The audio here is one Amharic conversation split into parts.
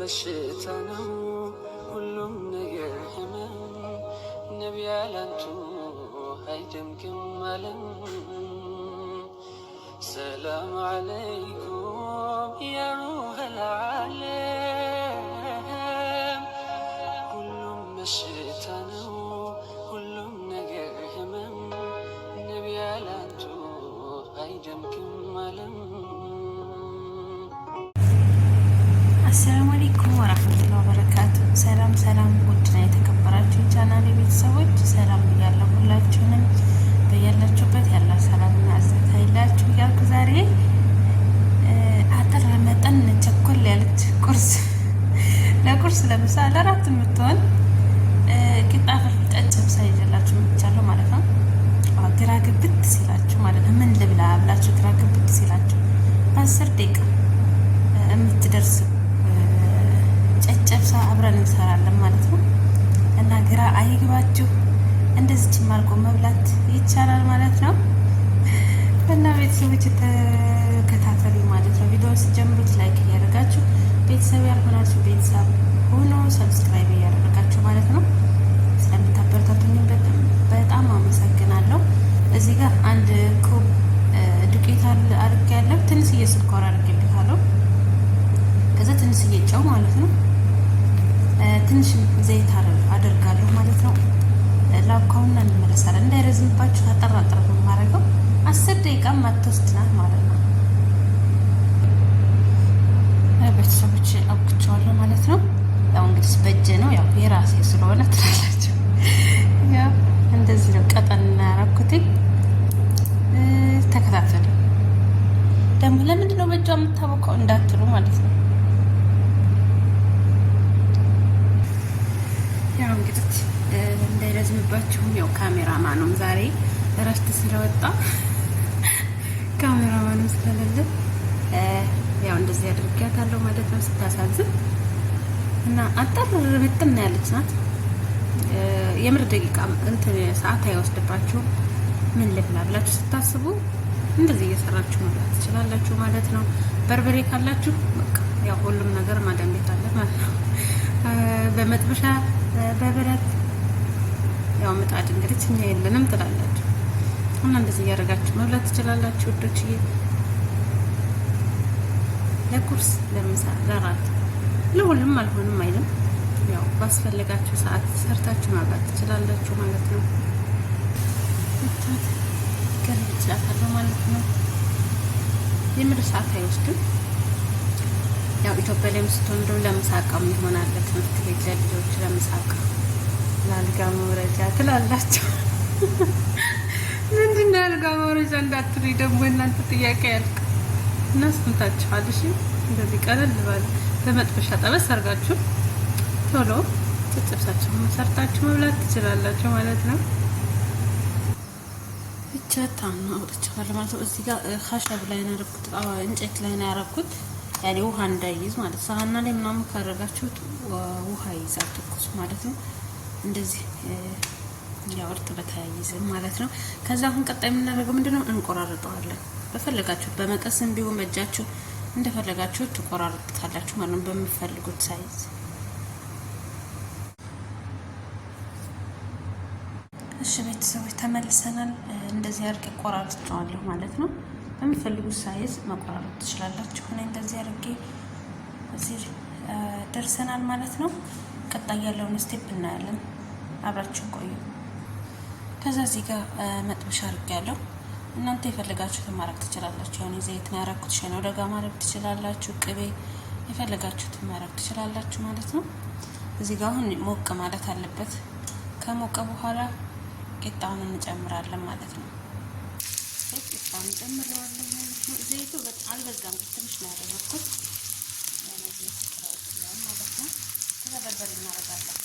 መሽታ ነው ሁሉም ነገር ህመም ነቢ ያላንቱ አይደምግም አለም። ሰላም አለይኩም ያሩህ አሰላሙ አለይኩም ወራህመቱላሂ ወበረካቱ። ሰላም ሰላም፣ ውድና የተከበራችሁ የቻናሌ ቤተሰቦች ሰላም ብያለሁ። ሁላችሁንም በያላችሁበት ያለ ሰላምና አዝነት አይላችሁ እያልኩ ዛሬ አጠር መጠን ቸኮል ያለች ቁርስ ለቁርስ ለምሳ ለራት የምትሆን ቂጣ ፍርፍር ጨብሳ ይዤላችሁ መጥቻለሁ ማለት ነው። ግራ ግብት ሲላችሁ ማለት ነው ምን ልብላ ብላችሁ ግራ ግብት ሲላችሁ በአስር ደቂቃ የምትደርስ ጨብሳ አብረን እንሰራለን ማለት ነው እና ግራ አይግባችሁ። እንደዚች አድርጎ መብላት ይቻላል ማለት ነው እና ቤተሰቦች ተከታተሉ ማለት ነው። ቪዲዮ ስጀምሩት ላይክ እያደረጋችሁ ቤተሰብ ያልሆናችሁ ቤተሰብ ሆኖ ሰብስክራይብ እያደረጋችሁ ማለት ነው። ስለምታበረታቱኝ በጣም አመሰግናለሁ። እዚህ ጋር አንድ ኩብ ዱቄት አድርጌያለሁ። ትንሽዬ ስኳር አድርጌበታለሁ። ከዛ ትንሽዬ ጨው ማለት ነው ትንሽ ዘይት አደርጋለሁ ማለት ነው። ላብካውና እንመለሳለን። እንዳይረዝምባችሁ ታጠራጥረ የማደርገው አስር ደቂቃ ማትወስድ ናት ማለት ነው። ቤተሰቦች አብክቸዋለሁ ማለት ነው። ያው እንግዲህ በእጄ ነው ያው የራሴ ስለሆነ ትላላቸው። ያው እንደዚህ ነው ቀጠን እናያረኩትኝ ተከታተሉ ደግሞ። ለምንድነው በእጇ የምታቦካው እንዳትሉ ማለት ነው። ያው እንግዲህ እንዳይረዝምባችሁም ያው ካሜራማኑም ዛሬ እረፍት ስለወጣ ካሜራማኑም ስለሌለ ያው እንደዚህ አድርጊያታለሁ ማለት ነው። ስታሳዝን እና አጠር ብጥና ያለች ናት። የምር ደቂቃ እንትን ሰዓት አይወስድባችሁም። ምን ልብላ ብላችሁ ስታስቡ እንደዚህ እየሰራችሁ መብላት ትችላላችሁ ማለት ነው። በርበሬ ካላችሁ በቃ ያው ሁሉም ነገር ማዳን ቤት አለ ማለት ነው። በመጥበሻ በብረት ያው ምጣድ እንግዲህ እኛ የለንም ትላላችሁ እና እንደዚህ እያደረጋችሁ መብላት ትችላላችሁ ውዶችዬ። ለቁርስ፣ ለምሳ፣ ለራት ለሁሉም አልሆንም አይልም። ያው ባስፈለጋችሁ ሰዓት ሰርታችሁ ማብላት ትችላላችሁ ማለት ነው። ይቻት ማለት ነው። የምድር ሰዓት አይወስድም። ያው ኢትዮጵያ ላይ ስትሆን ደግሞ ለምሳቃም ይሆናል ትምህርት ቤት ለልጆች ለምሳቃ ለአልጋ መውረጃ ትላላቸው። ምንድን ነው አልጋ መውረጃ እንዳትሪ ደግሞ እናንተ ጥያቄ ያልቅ እና ስምታችኋል። እሺ እንደዚህ ቀለል ባለ በመጥበሻ ጠበስ አድርጋችሁ ቶሎ ጭብሳችሁ መሰርታችሁ መብላት ትችላላችሁ ማለት ነው። ብቻ ታምና አውጥቻለሁ ማለት ነው። እዚህ ጋር ካሻብ ላይ ነው ያደረኩት፣ እንጨት ላይ ነው ያደረኩት። ያኔ ውሃ እንዳይይዝ ማለት ሳህና ላይ ምናምን ካደረጋችሁት ውሃ ይይዛል፣ ትኩስ ማለት ነው። እንደዚህ ያው እርጥበት ማለት ነው። ከዛ አሁን ቀጣይ የምናደርገው ምንድነው? እንቆራርጠዋለን። በፈለጋችሁት በመቀስም ቢሆን በእጃችሁ እንደፈለጋችሁ ትቆራርጡታላችሁ ማለት ነው፣ በምትፈልጉት ሳይዝ እሺ ቤተሰቦች ተመልሰናል። እንደዚህ አድርጌ ቆራርጫዋለሁ ማለት ነው። በሚፈልጉ ሳይዝ መቆራረጥ ትችላላችሁ። እኔ እንደዚህ አድርጌ እዚህ ደርሰናል ማለት ነው። ቀጣይ ያለውን ስቴፕ እናያለን። አብራችሁ ቆዩ። ከዛ እዚህ ጋር መጥበሻ አድርጌ ያለው እናንተ የፈለጋችሁትን ማድረግ ትችላላችሁ። ሆን ዘይት ነው ያደረኩት። ሸኖ ደጋ ማድረግ ትችላላችሁ። ቅቤ የፈለጋችሁትን ማድረግ ትችላላችሁ ማለት ነው። እዚህ ጋር አሁን ሞቅ ማለት አለበት። ከሞቀ በኋላ ቂጣውን እንጨምራለን ማለት ነው። ውሃም ጨምረዋለሁ ማለት ነው። ዘይቱ አልበዛም፣ ትንሽ ነው ያደረኩት ማለት ነው። ከዛ በርበሬ እናደርጋለን።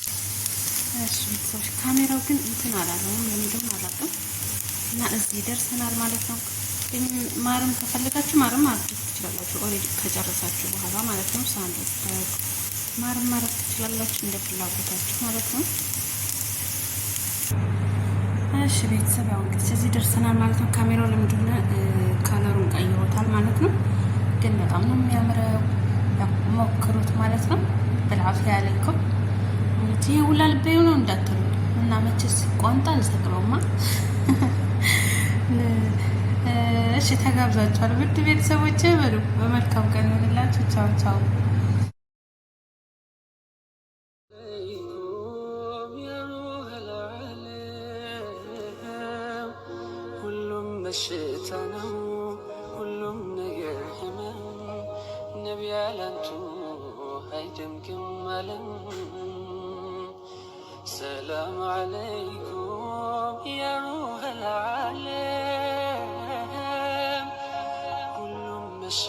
እሺ ቤተሰቦች፣ ካሜራው ግን እንትን አላለውም ለምንድነው አላውቅም። እና እዚህ ደርሰናል ማለት ነው። ማርም ከፈለጋችሁ ማርም ማድረግ ትችላላችሁ። ኦልሬዲ ከጨረሳችሁ በኋላ ማለት ነው። ሳንዱስ ማርም ማድረግ ትችላላችሁ እንደ ፍላጎታችሁ ማለት ነው። እሺ ቤተሰብ ያው እንግዲህ እዚህ ደርሰናል ማለት ነው። ካሜራው ለምንድ ሆነ ከለሩን ቀይሮታል ማለት ነው። ግን በጣም ነው የሚያምረው። ሞክሩት ማለት ነው። ብልዓፊያ አለይኩም ይህ ሁላ ልቤ ነው እንዳትሉ እና መቼስ ቋንጣ አልሰቅለውማ። እሺ ተጋብዛችኋል። ውድ ቤተሰቦች በመልካም ቀን ይሆንላችሁ። ቻው ቻው። شئت ነው ሁሉም ነገር ህመም ነቢ ያላንቱ አይደምግም አለም ሰላም አለይኩም ያ ሩህ ልዓለም ሁሉም መሽ